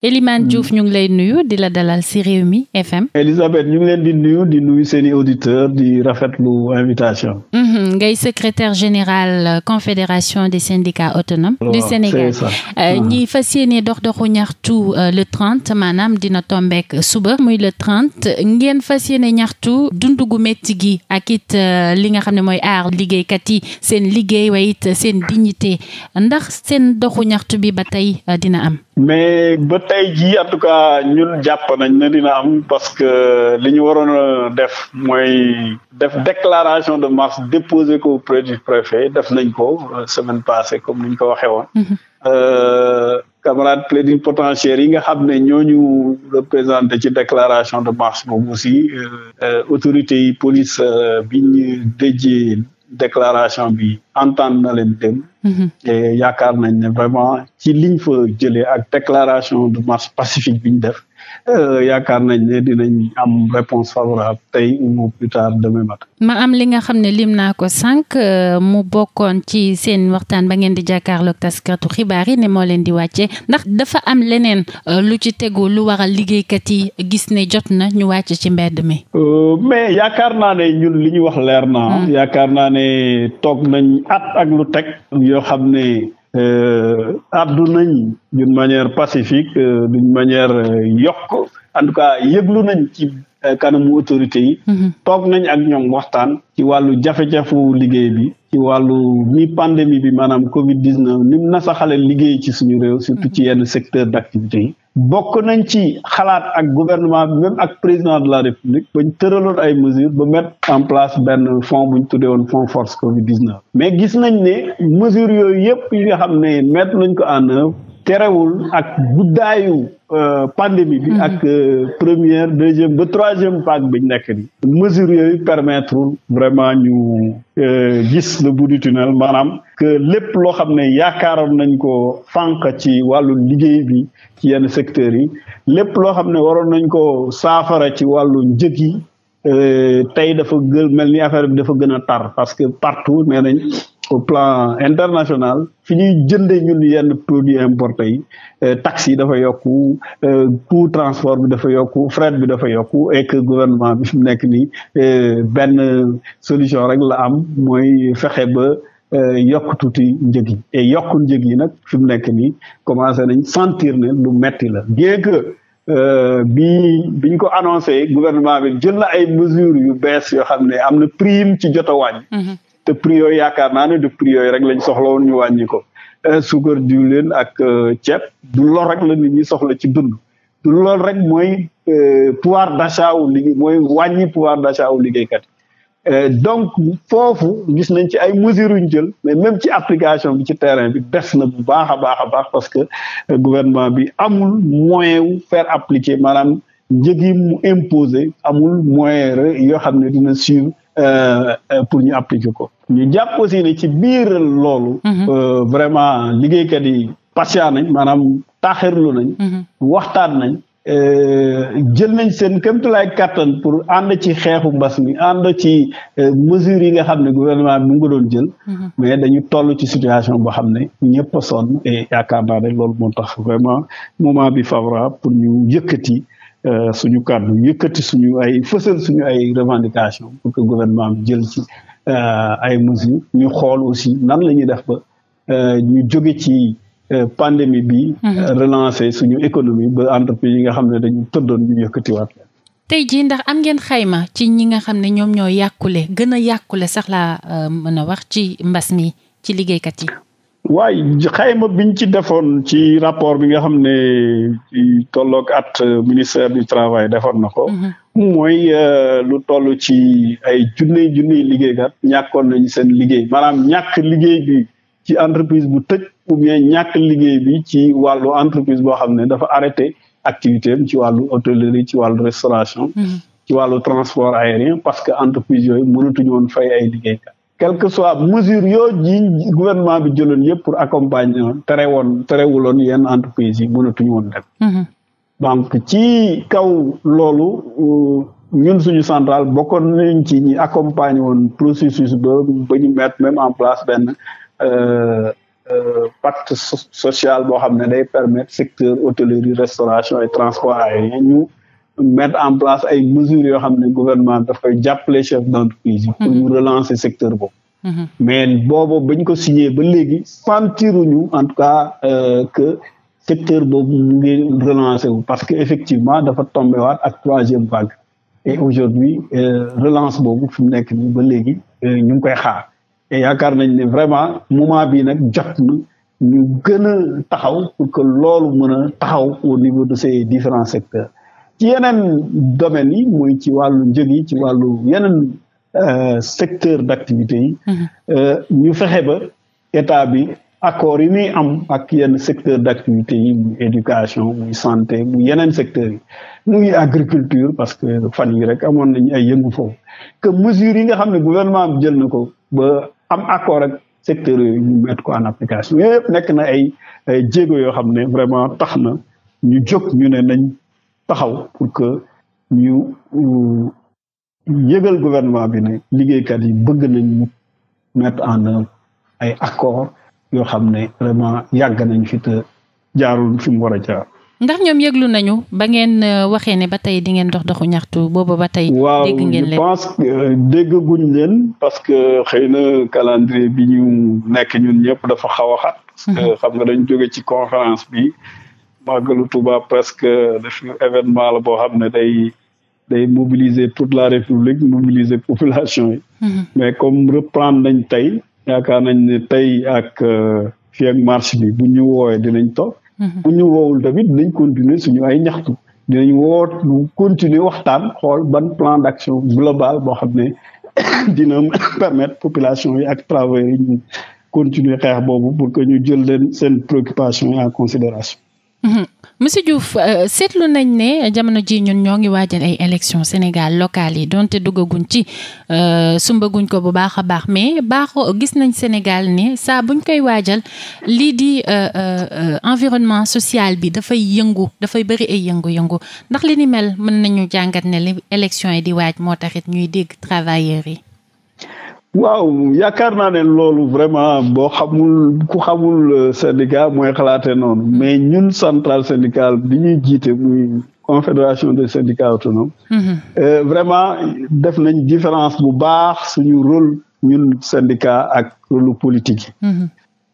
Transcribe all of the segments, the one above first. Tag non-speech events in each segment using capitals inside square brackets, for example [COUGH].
Elimane mm. Diouf ñu ngi lay nuyu di la dalal ci Rewmi FM. Elisabeth ñu ngi leen di nuyu di nuyu seeni auditeur di rafetlu invitation. Mm-hmm. ngay secretaire général euh, confédération des syndicats autonomes. du oh, Sénégal euh, mm. ñi fas yéene dox doxu ñaxtu euh, le trente maanaam dina tombeek suba muy le 30 ngeen fas yéene ñaxtu dundu gu métti gi ak it li nga xam ne mooy aar liggéeykat yi seen liggéey wayit seen dignité ndax seen doxu ñaxtu bi ba tey dina am. mais ba tey jii en tout cas ñun jàpp nañ ne dina am parce que li ñu waroon def mooy def déclaration de marche déposé ko auprès du préfet def nañ ko euh, semaine passée comme ni ñu ko waxee woon. Mm-hmm. Euh, camarade plénipotentiaire yi nga xam ne ñooñu représenté ci déclaration de marche boobu aussi euh, autorités yi police bi ñu déjee déclaration bi antane na leen dem. Mhm. et yaakaar nañ ne vraiment ci liñ fa jëlee ak déclaration de marche pacifique bi ñu def. Euh, yaakaar nañ ne dinañ am réponse favorable tey ou plus tard ma am li nga xam ne lim naa ko sànq euh, mu bokkoon ci seen waxtaan ba ngeen di jàkkaarloog taskatu xibaar yi ne moo leen di wàcce ndax dafa am leneen euh, lu ci tegu lu waral liggéeykat yi gis ne jot na ñu wàcce ci mbedd mi. mais yaakaar naa ne ñun li wax leer na hmm. yaakaar naa ne toog nañ at ak lu teg yoo xam ne. Euh, addu nañ d'une manière pacifique euh, d'une manière euh, yokk en tout cas yëglu nañ ci kanamu autorité yi mhm. toog nañ ak ñoom waxtaan ci wàllu jafe-jafu liggéey bi ci wàllu ni pandémie bi maanaam covid 19 nim nasaxale liggéey ci suñu réew surtout ci yenn secteur d'activité yi bokk nañ ci xalaat ak gouvernement bi même ak président de la république bañ tëraloon ay mesures ba mettre en place benn fonds buñ ñu tuddee woon fonds force covid 19 mais gis nañ ne mesures yooyu yëpp yi nga xam ne mettre nañ ko en œuvre terewul ak guddaayu euh, pandémie bi mm-hmm. ak euh, première deuxième ba troisième vague bi ñu nekk ni mesures yooyu permettre vraiment ñu euh, gis le bout du maanaam que lépp loo xam ne yaakaaroon nañ ko fànq ci wàllu liggéey bi ci yenn secteurs yi lépp loo xam ne waroon nañ ko saafara ci wàllu njëg yi tey dafa gën mel ni affaire bi dafa gën a tar parce que partout nee nañ au plan international fi ñuy jëndee ñun yenn produits importés yi euh, taxes yi dafa yokku euh, coût transport bi dafa yokku fret bi dafa yokku et que gouvernement bi fi mu nekk nii euh, benn solution rek la am mooy fexe ba yokk tuuti njëg yi et yokku njëg yi nag fi mu nekk nii commencé nañ sentir ne lu metti la bien que bi biñ ko annoncé gouvernement bi jël na ay mesures yu bees yoo xam ne am na prime ci jot a wàññi mm-hmm. te prix yooyu yaakaar naa ne de prix yooyu rek lañ soxla woon ñu wàññi ko euh, suukar diwlin ak euh, ceeb du lool rek la nit ñi soxla ci dund du lool rek mooy euh, pouvoir d'achat wu liggéey mooy wàññi pouvoir d'achat wu liggéeykat yi donc foofu gis nañ ci ay mesures yuñ jël mais même ci application bi ci terrain bi des na bu baax a baax a baax parce que gouvernement bi amul moyen wu faire appliquer maanaam njëg yi mu imposer amul moyen yoo xam ne dina suivre Euh, euh, pour ñu appliquer ko ñu jàpp aussi ne ci biir loolu mhm. euh, vraiment ka yi patient nañ maanaam taaxirlu nañ mhm. waxtaan nañ jël nañ seen kéemtulaay kàttan pour ànd ci xeexu mbas mi ànd ci mesures yi nga xam ne gouvernement bi mu ngi doon jël. Mhm. mais dañu toll ci situation boo xam ne ñëpp a sonn yaakaar naa ne loolu moo tax vraiment moment bi favorable pour ñu yëkkati. Euh, suñu kàddu yëkkati suñu ay fësal suñu ay revendication pour que gouvernement bi jël ci euh, ay mesures ñu xool aussi nan la ñuy def ba euh, ñu jóge ci pandémie bi mhm. relancer suñu économie ba entreprise yi nga xam ne dañu tëddoon ñu yëkkatiwaat tey jii ndax am ngeen xayma ci ñi nga xam ne ñoom ñoo yàqule gën a yàqule sax laa mën a wax ci mbas mi ci liggéeykat yi waaye xayma biñ ci defoon ci rapport bi nga xam ne ci tolloog at euh, ministère du travail defoon na ko. Mhm. mooy euh, lu toll ci ay junniy junniy liggéeykat ñàkkoon nañ seen liggéey maanaam ñàkk liggéey bi ci entreprise bu tëj ou bien ñàkk liggéey bi ci wàllu entreprise boo xam ne dafa arrêté activité ci wàllu hôtellerie ci wàllu restauration. Mhm. ci wàllu transport aérien parce que entreprise yooyu mënatuñu woon fay ay liggéeykat. quelque que soit mesure yoo ji gouvernement bi jëloon yëpp pour accompagne tere woon terewuloon yenn entreprise yi mënatuñu woon dem mhm. donc ci kaw loolu euh, ñun suñu centrale bokkoon nañ ci ñi accompagner woon processus ba ba ñu mettre même en place benn euh, euh, pacte sociale boo xam ne day permettre secteur hôtellerie restauration et transport aérien mettre en place ay mesures yoo xam ne gouvernement dafay jàppale chef d'entreprise yi pour ñu mm-hmm. relancer secteur boobu mm-hmm. mais boobu ko signé ba léegi sentiruñu en tout cas euh, que secteur boobu mu relancer wu parce que effectivement dafa tombé waat ak troisième vague et aujourd'hui euh, relance boobu fi mu nekk ba léegi euh, ñu ngi koy xaar et yaakaar nañ ne vraiment moment bii nag jot na ñu gën a taxaw pour que loolu mën taxaw au niveau de secteurs ci yeneen domaines yi muy ci wàllu njëg yi ci wàllu yeneen euh, secteur d'activité yi mhm. euh, ñu fexe ba état bi accord yi muy am ak yenn secteur d'activité yi muy éducation muy santé muy yeneen secteurs yi muy agriculture parce que fan yi rek amoon nañu ay yëngu foofu que mesures yi nga xam ne gouvernement bi jël na ko ba am accord ak secteurs yooyu ñu mettre ko en application yooyu yëpp nekk na ay jéego yoo xam ne vraiment tax na ñu jóg ñu ne nañ taxaw pour que ñu euh, yëgal gouvernement bi ne liggéeykat yi bëgg nañ mettre en œuvre ay accord yoo xam ne vraiment yàgg nañu fi te jaarul fi mu war a jaar. ndax ñoom yëglu nañu ba ngeen euh, waxee ne ba tey di ngeen dox doxu ñaxtu boobu ba tey. dégg ngeen leen waaw je pense que euh, leen parce que xëy na calendrier bi ñu nekk ñun ñëpp dafa xaw a xat. parce mhm. xam nga dañ jóge ci conférence bi. màggalu Touba presque def événement la boo xam ne day day mobiliser toute la république mobiliser population yi. Mhm. mais comme reprendre nañ tey yaakaar nañ ne tey ak euh, fii ak marche bi bu ñu woowee dinañ toog. Mhm. bu ñu woowul tamit dinañ continuer suñu ay ñaxtu. dinañ woot bu continuer waxtaan xool ban plan d'action global boo xam ne [COUGHS] dina [COUGHS] permettre population yi ak travailleurs yi ñu continuer xeex boobu pour que ñu jël leen seen préoccupation en considération Mhm. monsieur Diouf euh, seetlu nañ ne jamono ji ñun ñoo ngi waajal ay élections Sénégal locale yi donte duggaguñ ci euh, sumbaguñ ko bu baax a baax mais baaxoo gis nañ Sénégal ne saa buñ koy waajal lii di euh, environnement sociale bi dafay yëngu dafay bëri ay yëngu-yëngu ndax li ni mel mën nañu jàngat ne li élections yi di waaj moo taxit ñuy dégg travailleurs yi. waaw yaakaar naa ne loolu vraiment boo xamul ku xamul euh, syndicat mooy xalaate noonu mm-hmm. mais ñun centrale syndicale bi ñuy jiite muy confédération de syndicats autonomes mm-hmm. euh, vraiment def nañ différence bu baax suñu rôle ñun syndicat ak rôle politique yi mm-hmm.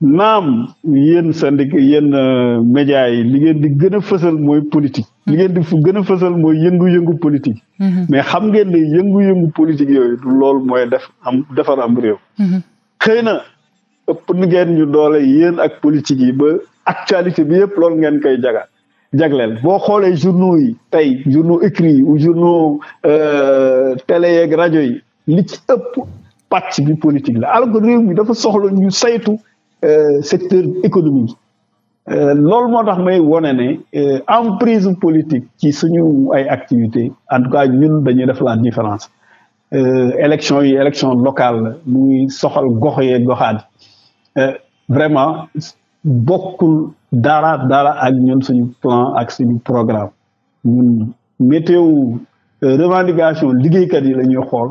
naam yéen syndicat yéen euh, médias yi li ngeen di gën a fësal mooy politique mm-hmm. li ngeen di gën a fësal mooy yëngu-yëngu politique mm-hmm. mais xam ngeen ne yëngu-yëngu politique yooyu du loolu mooy def am defar am réew mm-hmm. xëy na ëpp ngeen ñu doole yéen ak politique yi ba actualité bi yëpp loolu ngeen koy jaga jagleel boo xoolee journaux yi tey journaux écrits yi ou journaux euh, télé yeeg rajo yi li ci ëpp pàcc bi politique la alors que réew mi dafa soxla ñu saytu Euh, secteur économique euh, loolu moo tax may wone ne euh, emprise politique ci suñu ay activité en tout cas ñun dañuy def la différence élection yi élection locale la muy soxal gox yee goxaat vraiment bokkul dara dara ak ñun suñu plan ak suñu programme ñun météo revendication liggéeykat yi la ñuy xool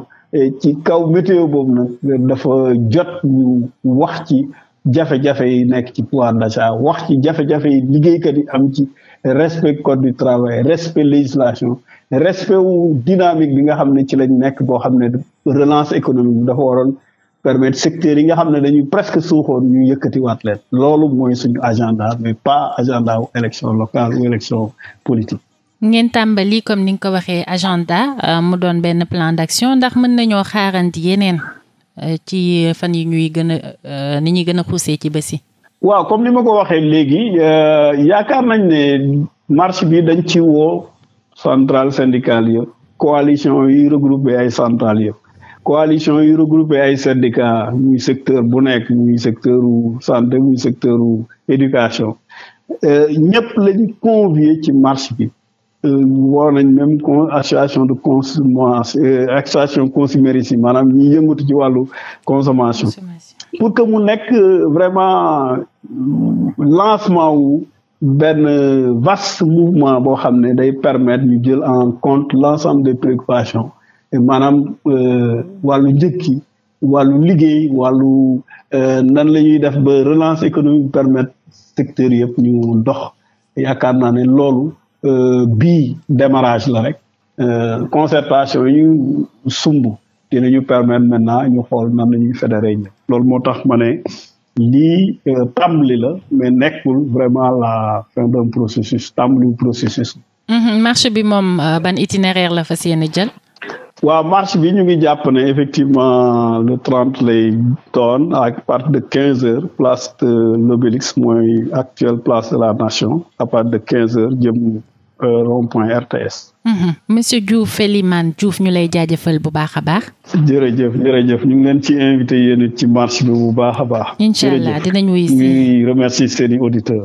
ci kaw météo boobu nag dafa jot ñu wax ci jafe-jafe yi nekk ci pouvoir d'achat wax ci jafe-jafe yi liggéeykat yi am ci respect code du travail respect législation respect wu dynamique bi nga xam ne ci lañ nekk boo xam ne relance économique bi dafa waroon permettre secteurs yi nga xam ne dañuy presque suuxoon ñu yëkkatiwaat leen loolu mooy suñu agenda mais pas agenda wu élection locale ou élection politique ngeen tàmbali comme ni nga ko waxee agenda euh, mu doon benn plan d'action ndax mën nañoo xaaranti Euh, ci fan yi ñuy gën a euh, ni ñuy gën a xuusee ci bés waaw comme ni ma ko waxee léegi euh, yaakaar nañ ne marche bi dañ ci woo centrale syndicale yëpp coalition yi regroupé ay centrale yëpp coalition yi regroupé ay syndicat muy secteur bu nekk muy secteur u santé muy secteur u éducation ñëpp lañu convier ci marche bi woo nañ même association de consommation euh, association consumériste yi maanaam ñi yëngatu ci wàllu consommation pour que mu nekk vraiment lansement wu benn vaste mouvement boo xam ne day permettre ñu jël en compte l'ensemble des préoccupations maanaam euh, wàllu njëkki wàllu liggéey wàllu euh, nan la ñuy def ba relance économique permettre secteur yëpp ñu dox yaakaar naa ne loolu Euh, bii démarrage la rek euh, concertation yi sumb dinañu permettre maintenant ñu xool nan la ñuy fédéré ñi lool moo tax ma ne lii euh, tàmbali la mais nekkul vraiment la fin d'un processus tàmbali processus mm-hmm. marche bi moom ban itinéraire la fas yéene jël waaw marche bi ñu ngi jàpp ne effectivement le trente lay doon à partir de quinze heures place de l'Obélisque mooy actuelle place de la nation à partir de quinze jëm Euh, rond point RTS. Mhm. monsieur Diouf Souleymane Diouf ñu lay jaajëfal bu baax a baax. jërëjëf jërëjëf ñu ngi leen ci invité yéen ci marche bi bu baax a baax. incha allah dinañ wuyu si ñu ngi remercier